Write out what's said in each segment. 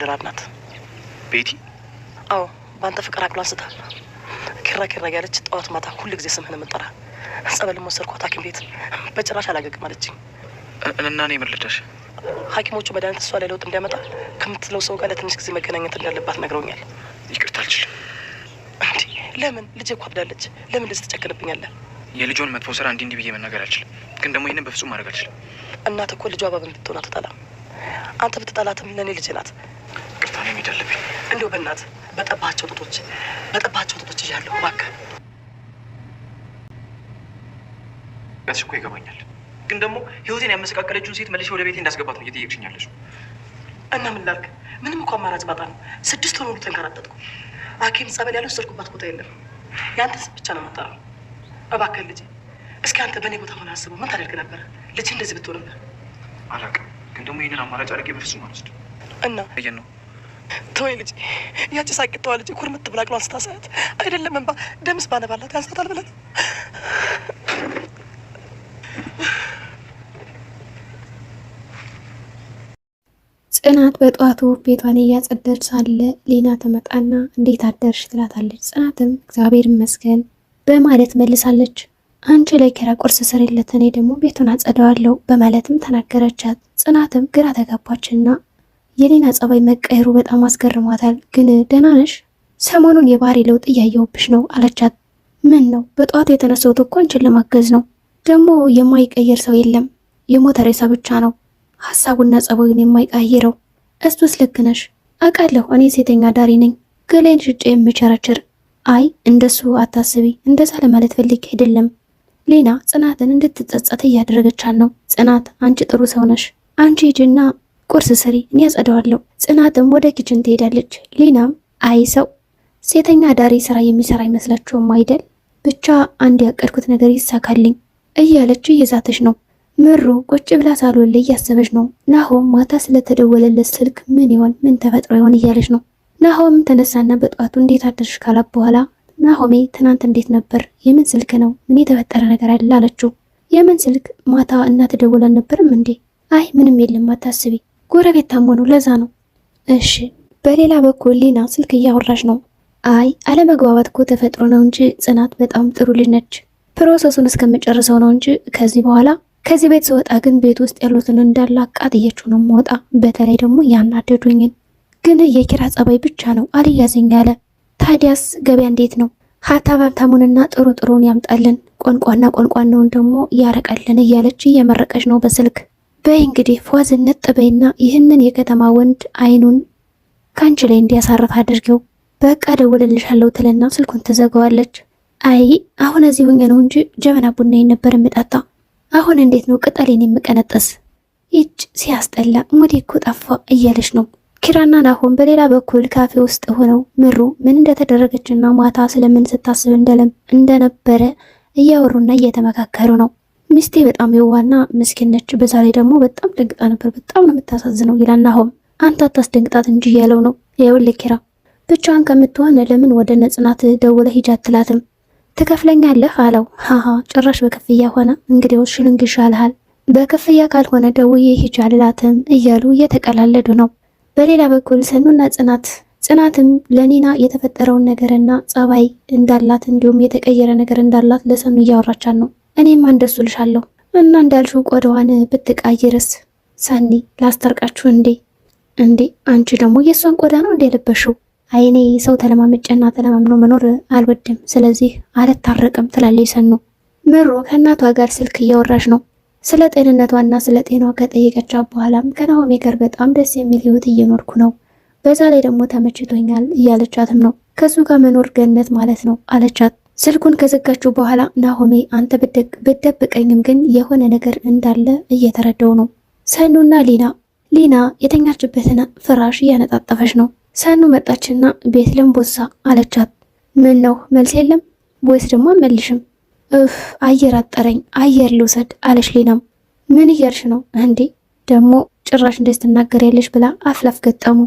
ድራብ ናት ቤቲ። አዎ በአንተ ፍቅር አቅሎ አንስታል። ኪራ ኪራ ያለች ጠዋት ማታ ሁል ጊዜ ስምህን የምጠራ ጸበልም ወሰድኳት ሐኪም ቤት በጭራሽ አላገግም አለችኝ። እና እኔ ምን ልደሽ? ሐኪሞቹ መድኃኒት እሷ ላይ ለውጥ እንዲያመጣ ከምትለው ሰው ጋር ለትንሽ ጊዜ መገናኘት እንዳለባት ነግረውኛል። ይቅርታ አልችልም። እንዲ ለምን ልጅ እኮ አብዳለች። ለምን ልጅ ትጨክንብኛለህ? የልጇን መጥፎ ስራ እንዲህ እንዲህ ብዬ መናገር አልችልም፣ ግን ደግሞ ይህንን በፍጹም ማድረግ አልችልም። እናት እኮ ልጇ ባብን ብትሆን አትጠላም። አንተ ብትጠላትም ለእኔ ልጅ ናት። ቅርታ ነው የሚደልብኝ። እንዲሁ በእናትህ በጠባቸው ጡጦች በጠባቸው ጡጦች እያለሁ እባክህ። ቀስ እኮ ይገባኛል፣ ግን ደግሞ ህይወቴን ያመሰቃቀለችውን ሴት መልሼ ወደ ቤቴ እንዳስገባት ነው እየጠየቅሽኝ ያለሽው። እና ምን ላልክ? ምንም እኮ አማራጭ ባጣ ነው ስድስት ወር ተንከራጠጥኩ። ተንከራተትኩ። ሐኪም ጸበል ያለው ስርኩባት ቦታ የለም። የአንተ የአንተስ ብቻ ነው ነው። እባክህ ልጅ፣ እስኪ አንተ በእኔ ቦታ ሆነ አስበው ምን ታደርግ ነበር? ልጅ እንደዚህ ብትሆን ነበር አላውቅም ግን ደግሞ ይህንን አማራጭ አድርጌ በፍጹም አልወስድም እና ይን ነው ተወይ ልጅ ያቺ ሳቂተዋ ልጅ ኩርምት ብላ ቅሏን ስታሳያት አይደለም እንባ ደምስ ባነባላት ያንሳታል ብለን ጽናት በጠዋቱ ቤቷን እያጸደች ሳለ ሌና ትመጣና እንዴት አደርሽ ትላታለች። ጽናትም እግዚአብሔር ይመስገን በማለት መልሳለች። አንቺ ለኪራ ቁርስ ስሪለት፣ እኔ ደግሞ ቤቱን አጸደዋለሁ በማለትም ተናገረቻት። ጽናትም ግራ ተጋባችና የሌና ጸባይ መቀየሩ በጣም አስገርሟታል። ግን ደህና ነሽ? ሰሞኑን የባህሪ ለውጥ እያየሁብሽ ነው አለቻት። ምን ነው በጠዋት የተነሳሁት እኮ አንቺን ለማገዝ ነው። ደግሞ የማይቀየር ሰው የለም የሞተ ሬሳ ብቻ ነው ሀሳቡና ጸባዩን የማይቀይረው። እሱስ ልክ ነሽ አውቃለሁ። እኔ ሴተኛ ዳሪ ነኝ፣ ገላይን ሽጬ የምቸረችር። አይ እንደሱ አታስቢ፣ እንደዛ ለማለት ፈልጌ አይደለም ሌና ጽናትን እንድትጸጸት እያደረገቻት ነው። ጽናት አንቺ ጥሩ ሰው ነሽ፣ አንቺ ሂጂና ቁርስ ስሪ፣ እኔ አጸደዋለሁ። ጽናትም ወደ ኪችን ትሄዳለች። ሌናም አይ ሰው ሴተኛ ዳሪ ስራ የሚሰራ አይመስላችሁም አይደል? ብቻ አንድ ያቀድኩት ነገር ይሳካልኝ እያለች እየዛተች ነው። ምሩ ቁጭ ብላ ሳሎን ላይ እያሰበች ነው። ናሆም ማታ ስለተደወለለት ስልክ ምን ይሆን ምን ተፈጥሮ ይሆን እያለች ነው። ናሆም ተነሳና በጠዋቱ እንዴት አደርሽ ካላት በኋላ ናሆሜ ትናንት እንዴት ነበር? የምን ስልክ ነው? ምን የተፈጠረ ነገር አለ አለችው። የምን ስልክ ማታ እናት ደውላ ነበርም እንዴ? አይ ምንም የለም አታስቢ፣ ጎረቤት ታሞ ነው ለዛ ነው። እሺ። በሌላ በኩል ሊና ስልክ እያወራች ነው። አይ አለመግባባት እኮ ተፈጥሮ ነው እንጂ ጽናት በጣም ጥሩ ልጅ ነች። ፕሮሰሱን እስከምጨርሰው ነው እንጂ ከዚህ በኋላ ከዚህ ቤት ስወጣ ግን ቤት ውስጥ ያሉትን እንዳለ አቃጥያችሁ ነው የምወጣ። በተለይ ደግሞ ያናደዱኝን ግን የኪራ ጸባይ ብቻ ነው አልያዘኝ ያለ ታዲያስ ገበያ እንዴት ነው? ሀብታም ሀብታሙንና ጥሩ ጥሩን ያምጣልን፣ ቆንቋና ቆንቋናውን ደግሞ ያረቀልን እያለች እየመረቀች ነው በስልክ። በይ እንግዲህ ፏዝነት ጥበይና ይህንን የከተማ ወንድ አይኑን ከአንቺ ላይ እንዲያሳርፍ አድርገው። በቃ ደውልልሻለሁ ትልና ስልኩን ትዘጋዋለች። አይ አሁን እዚህ ሆኜ ነው እንጂ ጀበና ቡና ነበር የምጠጣ። አሁን እንዴት ነው ቅጠሌን የምቀነጠስ? ይች ሲያስጠላ ሙዴ እኮ ጠፋ እያለች ነው ኪራና ናሆም በሌላ በኩል ካፌ ውስጥ ሆነው ምሩ ምን እንደተደረገችና ማታ ስለምን ስታስብ እንደነበረ እያወሩና እየተመካከሩ ነው። ሚስቴ በጣም የዋና ምስኪን ነች፣ በዛ ላይ ደግሞ በጣም ደንግጣ ነበር፣ በጣም ነው የምታሳዝነው ይላል ናሆም። አንተ አታስደንግጣት እንጂ እያለው ነው። ይኸውልህ ኪራ ብቻዋን ከምትሆን ለምን ወደ ነጽናት ደውለህ ሂጅ አትላትም? ትከፍለኛለህ አለው። ሀሀ ጭራሽ በክፍያ ሆነ እንግዲያውስ ሽልንግሻ ይሻልሃል። በክፍያ ካልሆነ ደውዬ ሂጅ አልላትም እያሉ እየተቀላለዱ ነው። በሌላ በኩል ሰኑና ጽናት ጽናትም ለኒና የተፈጠረውን ነገርና ጸባይ እንዳላት እንዲሁም የተቀየረ ነገር እንዳላት ለሰኑ እያወራቻት ነው። እኔም አንደሱ ልሻለሁ እና እንዳልሹ ቆዳዋን ብትቃይርስ ሰኒ ላስታርቃችሁ እንዴ? እንዴ አንቺ ደግሞ የእሷን ቆዳ ነው እንዴ የለበሽው? አይኔ ሰው ተለማመጨና ተለማምኖ መኖር አልወድም፣ ስለዚህ አልታረቅም ትላለች ሰኑ። ምሮ ከእናቷ ጋር ስልክ እያወራች ነው። ስለ ጤንነቷና ስለ ጤኗ ከጠየቀቻት በኋላም ከናሆሜ ጋር በጣም ደስ የሚል ህይወት እየኖርኩ ነው፣ በዛ ላይ ደግሞ ተመችቶኛል እያለቻትም ነው። ከሱ ጋር መኖር ገነት ማለት ነው አለቻት። ስልኩን ከዘጋችው በኋላ ናሆሜ አንተ ብደብቀኝም ግን የሆነ ነገር እንዳለ እየተረዳው ነው። ሰኑና ሊና ሊና የተኛችበትን ፍራሽ እያነጣጠፈች ነው። ሰኑ መጣችና ቤት ልንቦሳ አለቻት። ምን ነው መልስ የለም ወይስ ደግሞ አመልሽም? እፍ አየር አጠረኝ፣ አየር ልውሰድ አለሽ። ሊናም ምን እያልሽ ነው እንዴ? ደግሞ ጭራሽ እንደስ ትናገር ያለሽ ብላ አፍላፍ ገጠሙ።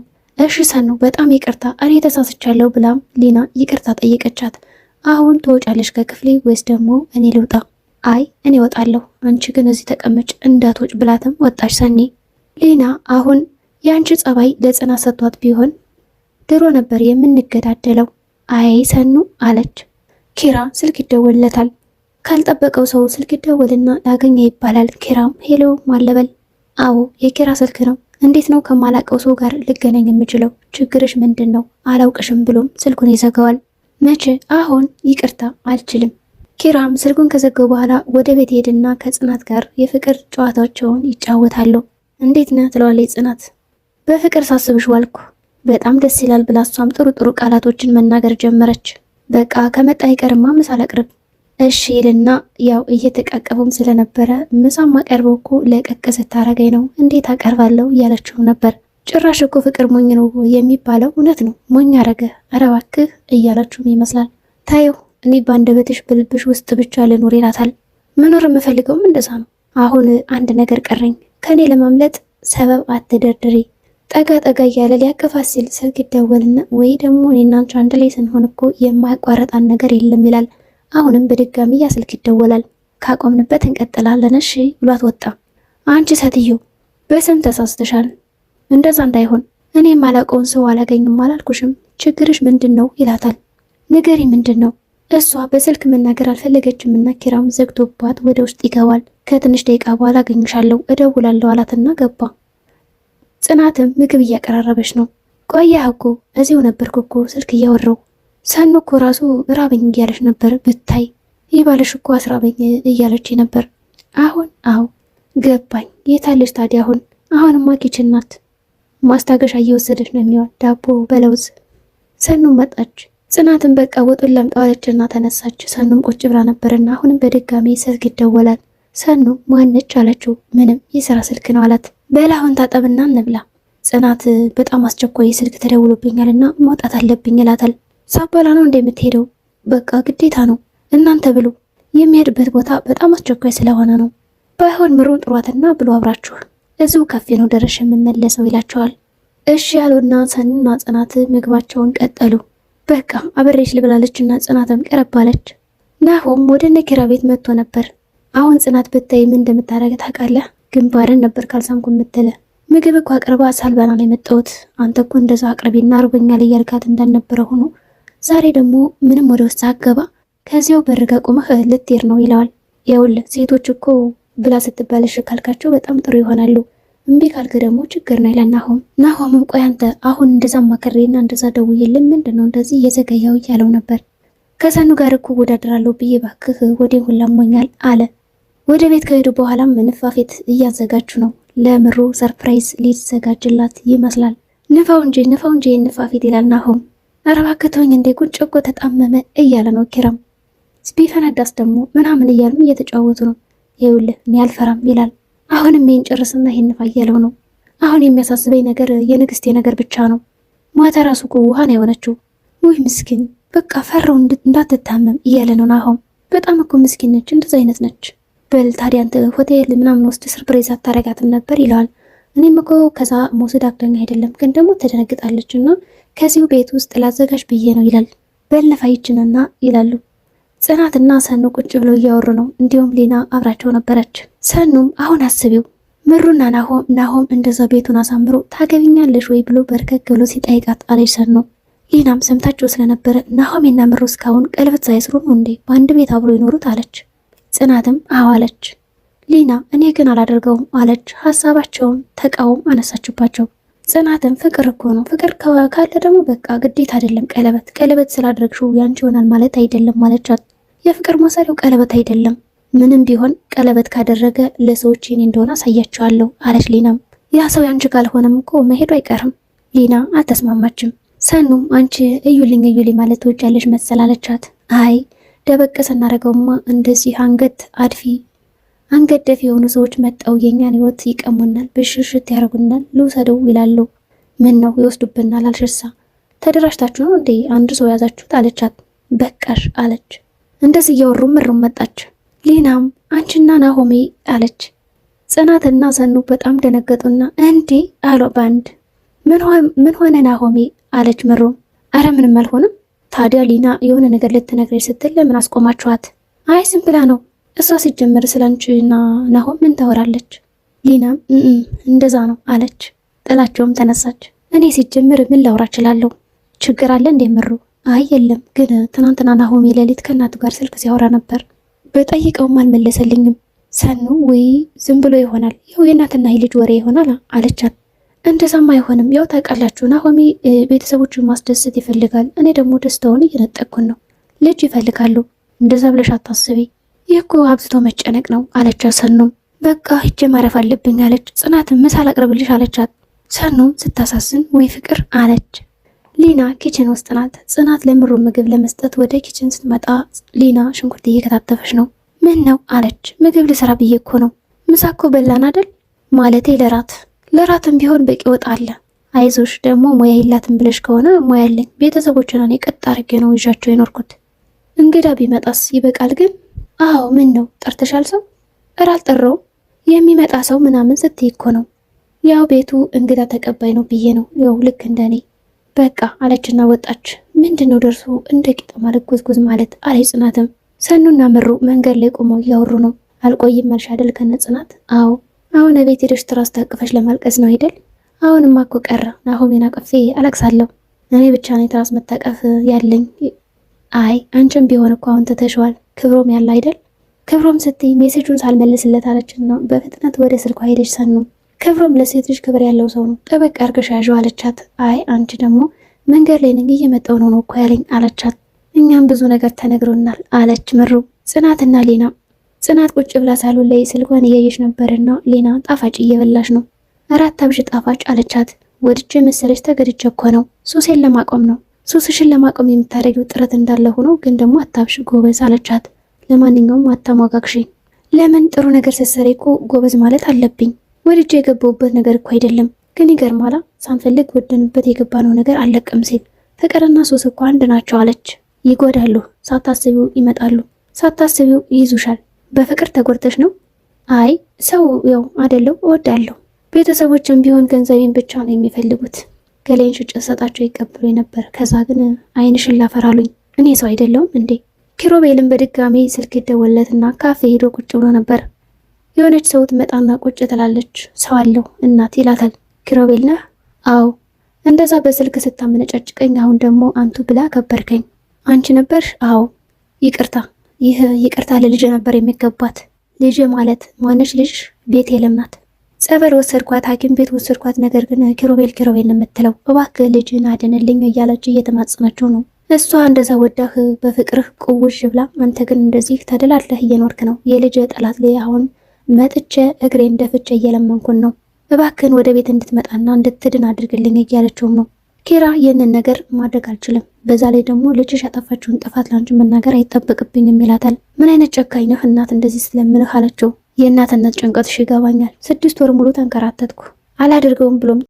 እሺ ሰኑ በጣም ይቅርታ እኔ ተሳስቻለሁ ብላም ሊና ይቅርታ ጠየቀቻት። አሁን ትወጫለሽ ከክፍሌ ወይስ ደግሞ እኔ ልውጣ? አይ እኔ ወጣለሁ፣ አንቺ ግን እዚህ ተቀመጭ እንዳትወጭ ብላትም ወጣች። ሰኒ ሊና አሁን የአንቺ ጸባይ ለጽናት ሰጥቷት ቢሆን ድሮ ነበር የምንገዳደለው። አይ ሰኑ አለች። ኪራ ስልክ ይደወልለታል። ካልጠበቀው ሰው ስልክ ደወልና ያገኘ ይባላል። ኪራም ሄሎ ማለበል፣ አዎ የኪራ ስልክ ነው። እንዴት ነው ከማላቀው ሰው ጋር ልገናኝ የምችለው? ችግርሽ ምንድን ነው? አላውቅሽም ብሎም ስልኩን ይዘጋዋል። መቼ? አሁን ይቅርታ አልችልም። ኪራም ስልኩን ከዘገው በኋላ ወደ ቤት ሄድና ከጽናት ጋር የፍቅር ጨዋታቸውን ይጫወታሉ። እንዴት ነህ ትለዋለች ጽናት። በፍቅር ሳስብሽ ዋልኩ በጣም ደስ ይላል ብላ እሷም ጥሩ ጥሩ ቃላቶችን መናገር ጀመረች። በቃ ከመጣ ይቀርማ ምሳ አላቅርብ እሺ ይልና ያው እየተቃቀቡም ስለነበረ ምሳም አቀርበው እኮ ለቀቅ ስታረገኝ ነው እንዴት አቀርባለሁ እያለችውም ነበር። ጭራሽ እኮ ፍቅር ሞኝ ነው የሚባለው እውነት ነው። ሞኝ አረገ አረባክህ እያለችውም ይመስላል። ታየው እኔ በአንደበትሽ በልብሽ ውስጥ ብቻ ልኖር ይላታል። መኖር የምፈልገውም እንደዛ ነው። አሁን አንድ ነገር ቀረኝ። ከእኔ ለማምለጥ ሰበብ አትደርድሪ። ጠጋ ጠጋ እያለ ሊያከፋት ሲል ስልክ ይደወልና ወይ ደግሞ እኔና አንቺ አንድ ላይ ስንሆን እኮ የማያቋረጣን ነገር የለም ይላል። አሁንም በድጋሚ ያ ስልክ ይደወላል። ካቆምንበት እንቀጥላለን እሺ ብሏት ወጣ። አንቺ ሴትዮ በስም ተሳስተሻል፣ እንደዛ እንዳይሆን እኔ የማላውቀውን ሰው አላገኝም አላልኩሽም? ችግርሽ ምንድን ነው ይላታል። ንገሪ ምንድን ነው? እሷ በስልክ መናገር አልፈለገችም እና ኪራም ዘግቶባት ወደ ውስጥ ይገባል። ከትንሽ ደቂቃ በኋላ አገኝሻለሁ እደውላለሁ አላትና ገባ። ጽናትም ምግብ እያቀራረበች ነው። ቆያ ህጎ እዚሁ ነበርኩ እኮ ስልክ እያወራው ሰኑ እኮ ራሱ ራበኝ እያለች ነበር ብታይ፣ ይህ ባለሽ እኮ አስራበኝ እያለች ነበር። አሁን አዎ ገባኝ። የታለች ታዲያ አሁን? አሁንማ ኪችን ናት። ማስታገሻ እየወሰደች ነው የሚሆን ዳቦ በለውዝ። ሰኑም መጣች። ጽናትን በቃ ወጡን ለምጣዋለችና ተነሳች። ሰኑም ቁጭ ብላ ነበርና አሁንም በድጋሚ ስልክ ይደወላል። ሰኑ ማነች አለችው። ምንም የስራ ስልክ ነው አላት። አሁን ታጠብና እንብላ ጽናት፣ በጣም አስቸኳይ ስልክ ተደውሎብኛልና መውጣት አለብኝ ይላታል። ሳበላ ነው እንደምትሄደው። በቃ ግዴታ ነው እናንተ ብሉ። የሚሄድበት ቦታ በጣም አስቸኳይ ስለሆነ ነው። ባይሆን ምሩን ጥሯትና ብሎ አብራችሁ እዚሁ ከፌ ነው ደረሽ የምመለሰው ይላቸዋል። እሺ ያሉና ሰኒና ጽናት ምግባቸውን ቀጠሉ። በቃ ልብላለች ልብላለችና ጽናትም ቀረባለች። ናሆም ወደ ነኪራ ቤት መጥቶ ነበር። አሁን ጽናት ብታይ ምን እንደምታደርግ ታውቃለህ? ግንባርን ነበር ካልሳምኩ የምትለ ምግብ እኮ አቅርባ ሳልበና ነው የመጣሁት። አንተ እኮ እንደዛ አቅርቢና ላይ ያልካት እንዳልነበረ ሆኖ ዛሬ ደግሞ ምንም ወደ ውስጥ አገባ ከዚያው በርጋ ቁመህ ልትሄድ ነው ይለዋል። የውል ሴቶች እኮ ብላ ስትባለሽ ካልካቸው በጣም ጥሩ ይሆናሉ፣ እምቢ ካልክ ደግሞ ችግር ነው ይላል ናሆም። ናሆምም ቆይ አንተ አሁን እንደዛ ማከሬና እንደዛ ደውዬልን ምንድን ነው እንደዚህ የዘገያው እያለው ነበር። ከሰኑ ጋር እኮ ወዳድራለሁ ብዬ ባክህ ወዴ ሁላሞኛል አለ። ወደ ቤት ከሄዱ በኋላም ንፋፌት እያዘጋጁ ነው። ለምሩ ሰርፕራይዝ ሊዘጋጅላት ይመስላል። ንፋው እንጂ ንፋው እንጂ ንፋፌት ይላል ናሆም ኧረ እባክህ ተወኝ እንዴ ቁጭ እኮ ተጣመመ እያለ ነው ኪራም። ቢፈነዳስ ደግሞ ምናምን እያሉ እየተጫወቱ ነው። ይኸውልህ እኔ አልፈራም ይላል። አሁንም ይህን ጨርስና ይህን ንፋ እያለው ነው። አሁን የሚያሳስበኝ ነገር የንግስቴ ነገር ብቻ ነው። ማታ ራሱ እኮ ውሃ ነው የሆነችው። ውይ ምስኪን በቃ ፈረው እንዳትታመም እያለ ነው ናሆም። በጣም እኮ ምስኪን ነች፣ እንደዛ አይነት ነች። በል ታዲያ አንተ ሆቴል ምናምን ወስድ ሰርፕሬዝ አታረጋትም ነበር ይለዋል። እኔም እኮ ከዛ መውሰድ አቅደኛ አይደለም፣ ግን ደግሞ ተደነግጣለች እና ከዚሁ ቤት ውስጥ ላዘጋጅ ብዬ ነው ይላል። በልነፋይችንና ይላሉ። ጽናትና ሰኑ ቁጭ ብለው እያወሩ ነው። እንዲሁም ሊና አብራቸው ነበረች። ሰኑም አሁን አስቢው ምሩና ናሆም ናሆም እንደዛ ቤቱን አሳምሮ ታገቢኛለሽ ወይ ብሎ በርከክ ብሎ ሲጠይቃት አለች ሰኑ። ሊናም ሰምታቸው ስለነበረ ናሆሜና ምሩ እስካሁን ቀለበት ሳይስሩ ነው እንዴ በአንድ ቤት አብሮ ይኖሩት አለች። ጽናትም አዎ አለች። ሊና እኔ ግን አላደርገውም አለች። ሀሳባቸውን ተቃውም አነሳችባቸው። ጽናትን ፍቅር እኮ ነው። ፍቅር ካለ ደግሞ በቃ ግዴታ አይደለም ቀለበት ቀለበት ስላደረግሽው ያንቺ ይሆናል ማለት አይደለም ማለቻት። የፍቅር ማሰሪያው ቀለበት አይደለም። ምንም ቢሆን ቀለበት ካደረገ ለሰዎች የኔ እንደሆነ አሳያቸዋለሁ አለች። ሊናም ያ ሰው ያንቺ ካልሆነም እኮ መሄዱ አይቀርም። ሊና አልተስማማችም። ሰኑም አንቺ እዩልኝ እዩልኝ ማለት ትወጃለሽ መሰል አለቻት። አይ ደበቀ ስናደርገውማ እንደዚህ አንገት አድፊ አንገደፍ የሆኑ ሰዎች መጣው የኛን ህይወት ይቀሙናል፣ ብሽሽት ያደርጉናል፣ ልውሰደው ይላሉ። ምን ነው ይወስዱብናል። አልሽሳ ተደራጅታችሁ ነው እንዴ አንድ ሰው ያዛችሁት? አለቻት። በቃሽ አለች። እንደዚህ እያወሩ ምሩም መጣች። ሊናም አንቺና ናሆሜ አለች። ጽናትና ሰኑ በጣም ደነገጡና እንዴ አሎ ባንድ ምን ሆነ ናሆሜ አለች ምሩም። አረ ምንም አልሆንም። ታዲያ ሊና የሆነ ነገር ልትነግረኝ ስትል ለምን አስቆማችኋት? አይ ዝም ብላ ነው እሷ ሲጀመር ስለ አንቺና ናሆም ምን ታወራለች? ሊናም እንደዛ ነው አለች። ጥላቸውም ተነሳች። እኔ ሲጀምር ምን ላውራ እችላለሁ? ችግር አለ ምሩ? አይ የለም፣ ግን ትናንትና ናሆም የሌሊት ከእናቱ ጋር ስልክ ሲያወራ ነበር። በጠይቀውም አልመለሰልኝም። ሰኑ ወይ ዝም ብሎ ይሆናል፣ ያው የእናትና የልጅ ወሬ ይሆናል አለቻት። እንደዛም አይሆንም፣ ያው ታውቃላችሁ፣ ናሆሚ ቤተሰቦችን ማስደሰት ይፈልጋል። እኔ ደግሞ ደስታውን እየነጠቅኩን ነው። ልጅ ይፈልጋሉ፣ እንደዛ ብለሽ አታስቤ። የኮ አብዝቶ መጨነቅ ነው አለች ሰኑም በቃ ሂጄ ማረፍ አለብኝ አለች። ጽናትን ምሳ ላቅርብልሽ አለቻት። ሰኑም ስታሳዝን ወይ ፍቅር አለች። ሊና ኪችን ውስጥ ናት። ጽናት ለምሩ ምግብ ለመስጠት ወደ ኪችን ስትመጣ ሊና ሽንኩርት እየከታተፈች ነው። ምን ነው አለች። ምግብ ልሰራ ብዬ እኮ ነው። ምሳ እኮ በላን አደል? ማለቴ ለራት ለራትም ቢሆን በቂ ወጥ አለ። አይዞሽ ደግሞ ሙያ የላትም ብለሽ ከሆነ ሙያ አለኝ። ቤተሰቦችን እኔ ቀጥ አድርጌ ነው ይዣቸው የኖርኩት። እንግዳ ቢመጣስ ይበቃል ግን አዎ ምን ነው ጠርተሻል? ሰው እረ አልጠራውም የሚመጣ ሰው ምናምን ስትይ እኮ ነው። ያው ቤቱ እንግዳ ተቀባይ ነው ብዬ ነው። ያው ልክ እንደኔ በቃ አለችና ወጣች። ምንድን ነው ደርሶ እንደ ማለት ጉዝጉዝ ማለት አለች ጽናትም። ሰኑና ምሩ መንገድ ላይ ቆመው እያወሩ ነው። አልቆይም አልሽ አይደል ከነ ጽናት? አዎ አሁን ቤት ሄደሽ ትራስ ታቅፈሽ ለማልቀስ ነው አይደል? አሁንማ እኮ ቀረ ናሆሜን አቅፌ አለቅሳለሁ። እኔ ብቻ ነው ትራስ መታቀፍ ያለኝ። አይ አንቺም ቢሆን እኮ አሁን ትተሽዋል። ክብሮም ያለ አይደል? ክብሮም ስትይ ሜሴጁን ሳልመልስለት አለችና በፍጥነት ወደ ስልኳ ሄደች። ሰኑ ክብሮም ለሴት ልጅ ክብር ያለው ሰው ነው፣ ጠበቅ አርገሻ ያዥው አለቻት። አይ አንቺ ደግሞ መንገድ ላይ ነኝ እየመጣው ነው እኮ ያለኝ አለቻት። እኛም ብዙ ነገር ተነግሮናል አለች ምሩ። ጽናትና ሌና ጽናት ቁጭ ብላ ሳሎን ላይ ስልኳን እያየች ነበርና ሌና ጣፋጭ እየበላሽ ነው። አራት አብሽ ጣፋጭ አለቻት። ወድጄ መሰለች ተገድቼ እኮ ነው ሱሴን ለማቆም ነው ሱስሽን ለማቆም የምታደርጊው ጥረት እንዳለ ሆኖ ግን ደግሞ አታብሽ ጎበዝ አለቻት። ለማንኛውም አታሟጋግሽ። ለምን ጥሩ ነገር ስትሰሪ እኮ ጎበዝ ማለት አለብኝ። ወድጄ የገባሁበት ነገር እኮ አይደለም። ግን ይገርማላ ሳንፈልግ ወደንበት የገባነው ነገር አለቅም ሲል ፍቅርና ሱስ እኮ አንድ ናቸው አለች። ይጎዳሉ፣ ሳታስቢው ይመጣሉ፣ ሳታስቢው ይይዙሻል። በፍቅር ተጎድተሽ ነው? አይ ሰው ያው አደለው እወዳለሁ። ቤተሰቦችም ቢሆን ገንዘቤን ብቻ ነው የሚፈልጉት። ገሌን ሽጭ ሰጣቸው ይቀበሉ ነበር። ከዛ ግን ዓይንሽን ላፈር አሉኝ። እኔ ሰው አይደለሁም እንዴ? ኪሮቤልን በድጋሚ ስልክ ይደወለትና ካፌ ሄዶ ቁጭ ብሎ ነበር። የሆነች ሰው ትመጣና ቁጭ ትላለች። ሰው አለው እናት ይላታል። ኪሮቤል ነህ? አዎ። እንደዛ በስልክ ስታመነጫጭቀኝ አሁን ደግሞ አንቱ ብላ ከበርከኝ። አንቺ ነበርሽ? አዎ። ይቅርታ። ይህ ይቅርታ ለልጅ ነበር የሚገባት። ልጅ ማለት ማነች? ልጅ ቤት የለምናት ናት። ጸበል ወሰድኳት፣ ሐኪም ቤት ወሰድኳት። ነገር ግን ኪሮቤል ኪሮቤል ነው የምትለው። እባክህ ልጅን አድንልኝ እያለች እየተማጸነችው ነው። እሷ እንደዛ ወዳህ በፍቅርህ ቁውሽ ብላ፣ አንተ ግን እንደዚህ ተደላለህ እየኖርክ ነው። የልጅ ጠላት ላይ አሁን መጥቼ እግሬ እንደፍቼ እየለመንኩን ነው። እባክህን ወደ ቤት እንድትመጣና እንድትድን አድርግልኝ እያለችውም ነው። ኪራ ይህንን ነገር ማድረግ አልችልም፣ በዛ ላይ ደግሞ ልጅሽ ያጠፋችውን ጥፋት ላንች መናገር አይጠበቅብኝም ይላታል። ምን አይነት ጨካኝ ነህ እናት እንደዚህ ስለምልህ አለችው። የእናትነት ጭንቀትሽ ይገባኛል። ስድስት ወር ሙሉ ተንከራተትኩ አላደርገውም ብሎም